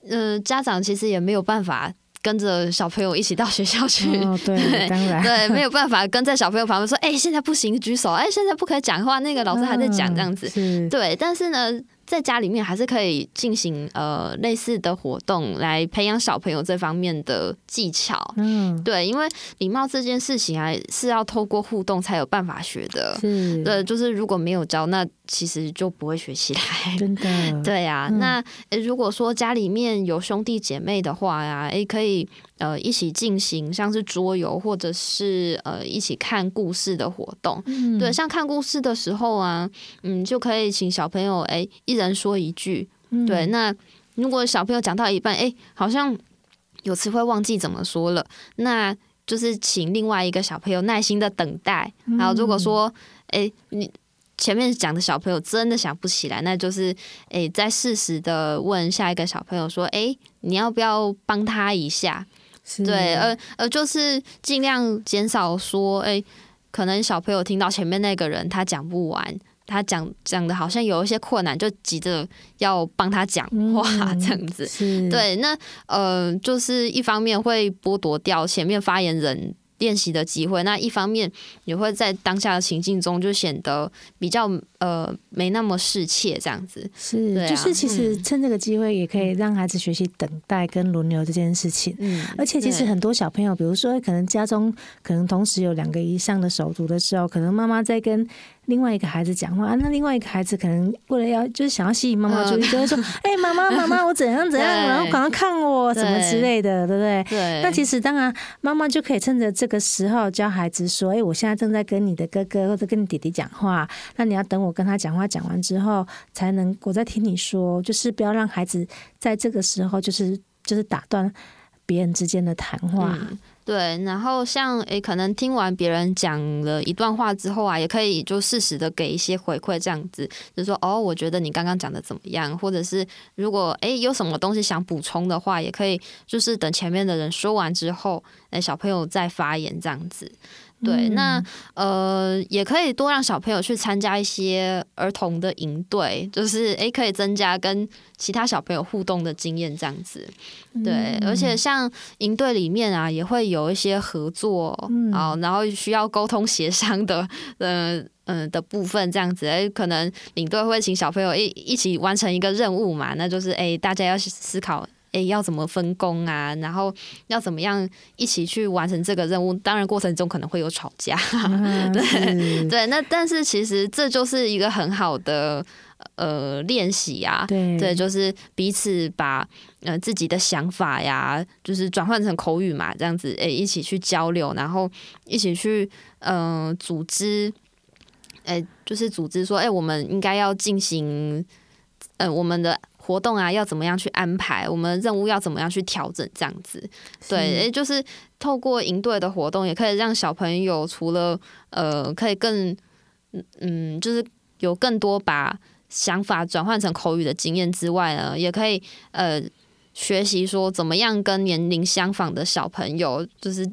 Speaker 2: 呃，家長其實也沒有辦法。跟着小朋友一起到學校去、哦，對，對，當然，對，沒有辦法跟在小朋友旁邊說，哎、欸，現在不行，舉手，哎、欸，現在不可以講話，那個老師還在講這樣子，嗯，對。但是呢，在家裡面還是可以進行呃類似的活動，來培養小朋友這方面的技巧。嗯，對，因為禮貌這件事情還、啊、是要透過互動才有辦法學的。對，就是如果沒有教那。其實就不會學起來，真的 對呀、啊嗯。那、欸、如果說家裡面有兄弟姐妹的話呀、啊，誒、欸，可以呃一起進行像是桌遊，或者是呃一起看故事的活動、嗯。對，像看故事的時候啊，嗯，就可以請小朋友哎、欸、一人說一句、嗯。對，那如果小朋友講到一半，哎、欸，好像有詞彙忘記怎麼說了，那就是請另外一個小朋友耐心的等待。然、嗯、後如果說哎、欸、你。前面講的小朋友真的想不起來，那就是誒、欸，再適時的問下一個小朋友說，誒、欸，你要不要幫他一下？啊、對，呃呃，就是盡量減少說，誒、欸，可能小朋友聽到前面那個人他講不完，他講講的好像有一些困難，就急着要幫他講話這樣子。嗯、對，那呃，就是一方面會剝奪掉前面發言人。練習的機會，那一方面也會在當下的情境中就顯得比較。呃，沒那麼適切，這樣子是、啊、就是其實
Speaker 1: 趁這個機會也可以讓孩子學習等待跟輪流這件事情。嗯，而且其實很多小朋友，嗯、比如說可能家中可能同時有兩個以上的手足的時候，可能媽媽在跟另外一個孩子講話、啊，那另外一個孩子可能為了要就是想要吸引媽媽注意，就會說：“哎、 欸，媽媽，媽媽，我怎樣，怎樣怎樣，然後趕快看我，什麼之類的，對不對？”對。那其實當然，媽媽就可以趁着這個時候教孩子說：“哎、欸，我現在正在跟你的哥哥或者跟你弟弟講話，那你要等我。”我跟他講話講完之後，才能我再聽你說，就是不要讓孩子在這個時候就是就是打斷別人之間的談話。嗯，
Speaker 2: 對，然後像誒、欸、可能聽完別人講了一段話之後啊，也可以就適時的給一些回饋，這樣子就是說哦，我覺得你剛剛講的怎麼樣？或者是如果哎、欸、有什麼東西想補充的話，也可以就是等前面的人說完之後，哎、欸、小朋友再發言這樣子。對，那呃，也可以多讓小朋友去參加一些兒童的營隊，就是誒、欸，可以增加跟其他小朋友互動的經驗這樣子。對，嗯、而且像營隊裡面啊，也會有一些合作啊、嗯，然後需要溝通協商的，嗯、呃、嗯、呃、的部分這樣子。誒、欸，可能領隊會請小朋友一一起完成一個任務嘛，那就是誒、欸，大家要去思考。哎、欸，要怎麼分工啊？然後要怎麼樣一起去完成這個任務？當然，過程中可能會有吵架。對、嗯、對，那但是其實這就是一個很好的呃練習呀。對、對，就是彼此把呃自己的想法呀，就是轉換成口語嘛，這樣子哎、欸，一起去交流，然後一起去嗯、呃、組織。哎、欸，就是組織說，哎、欸，我們應該要進行嗯、呃、我們的。活動啊，要怎麼樣去安排？我們任務要怎麼樣去調整？這樣子，對，也就是透過營隊的活動，也可以讓小朋友除了呃，可以更嗯嗯，就是有更多把想法轉換成口語的經驗之外呢，也可以呃，學習說怎麼樣跟年齡相仿的小朋友，就是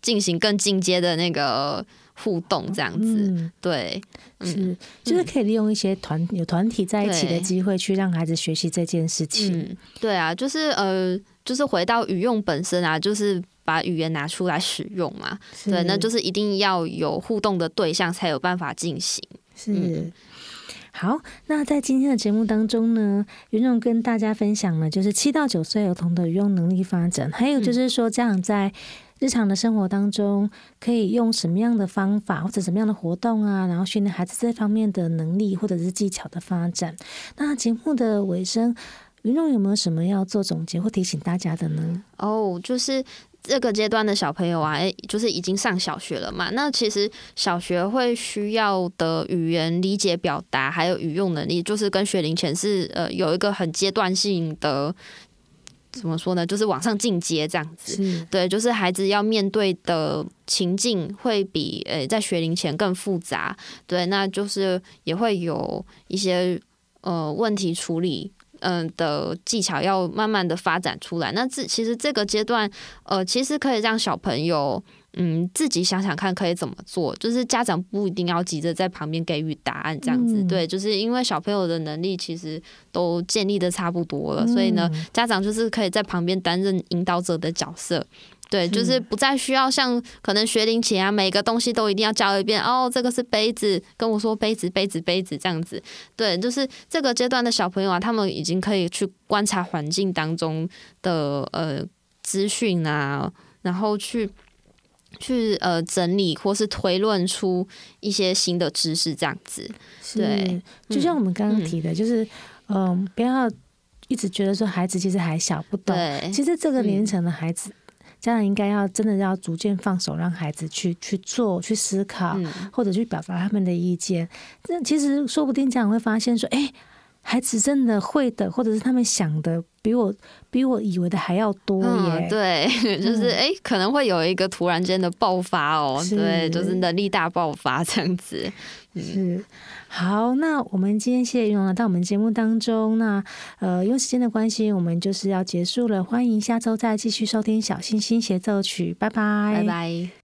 Speaker 2: 進行更進階的那個。互動這樣子對、嗯，
Speaker 1: 對，是就是可以利用一些團有團體在一起的機會，去讓孩子學習這件事情對、嗯。
Speaker 2: 對啊，就是呃，就是回到語用本身啊，就是把語言拿出來使用嘛。對，那就是一定要有互動的對象，才有辦法進行。是、
Speaker 1: 嗯。好，那在今天的節目當中呢，昀容跟大家分享了就是七到九歲兒童的語用能力發展，還有就是說家長在、嗯。日常的生活當中，可以用什麼樣的方法或者什麼樣的活動啊，然後訓練孩子這方面的能力或者是技巧的發展。那節目的尾聲，昀容有沒有什麼要做總結或提醒大家的呢？
Speaker 2: 哦、oh，就是這個階段的小朋友啊，就是已經上小學了嘛。那其實小學會需要的語言理解、表達還有語用能力，就是跟學齡前是呃有一個很階段性的。怎麼說呢？就是往上進階這樣子，對，就是孩子要面對的情境會比呃、欸、在學齡前更複雜，對，那就是也會有一些呃問題處理嗯、呃、的技巧要慢慢的發展出來。那這其實這個階段呃，其實可以讓小朋友。嗯，自己想想看可以怎麼做。就是家長不一定要急着在旁邊給予答案，這樣子、嗯、對。就是因為小朋友的能力其實都建立的差不多了，嗯、所以呢，家長就是可以在旁邊擔任引導者的角色。對，就是不再需要像可能學齡前、啊、每個東西都一定要教一遍哦。這個是杯子，跟我說杯子，杯子，杯子這樣子。對，就是這個階段的小朋友啊，他們已經可以去觀察環境當中的呃資訊啊，然後去。去呃整理或是推論出一些新的知識，這樣子，對，
Speaker 1: 就像我們剛剛提的，嗯、就是嗯、呃，不要一直覺得說孩子其實還小不懂，對，其實這個年齡層的孩子，嗯、家長應該要真的要逐漸放手，讓孩子去去做、去思考，嗯、或者去表達他們的意見。那其實說不定家長會發現說，哎、欸。孩子真的會的，或者是他們想的，比我比我以為的還要多耶。嗯、對，就是誒、嗯
Speaker 2: 欸，可能會有一個突然間的爆發哦。對，就是能力大爆發這樣子。嗯、是，好，那我
Speaker 1: 們今天謝謝昀容來到我們節目當中。那呃，因為時間的關係，我們就是要結束了。歡迎下周再繼續收聽《小星星協奏曲》，拜拜，拜拜。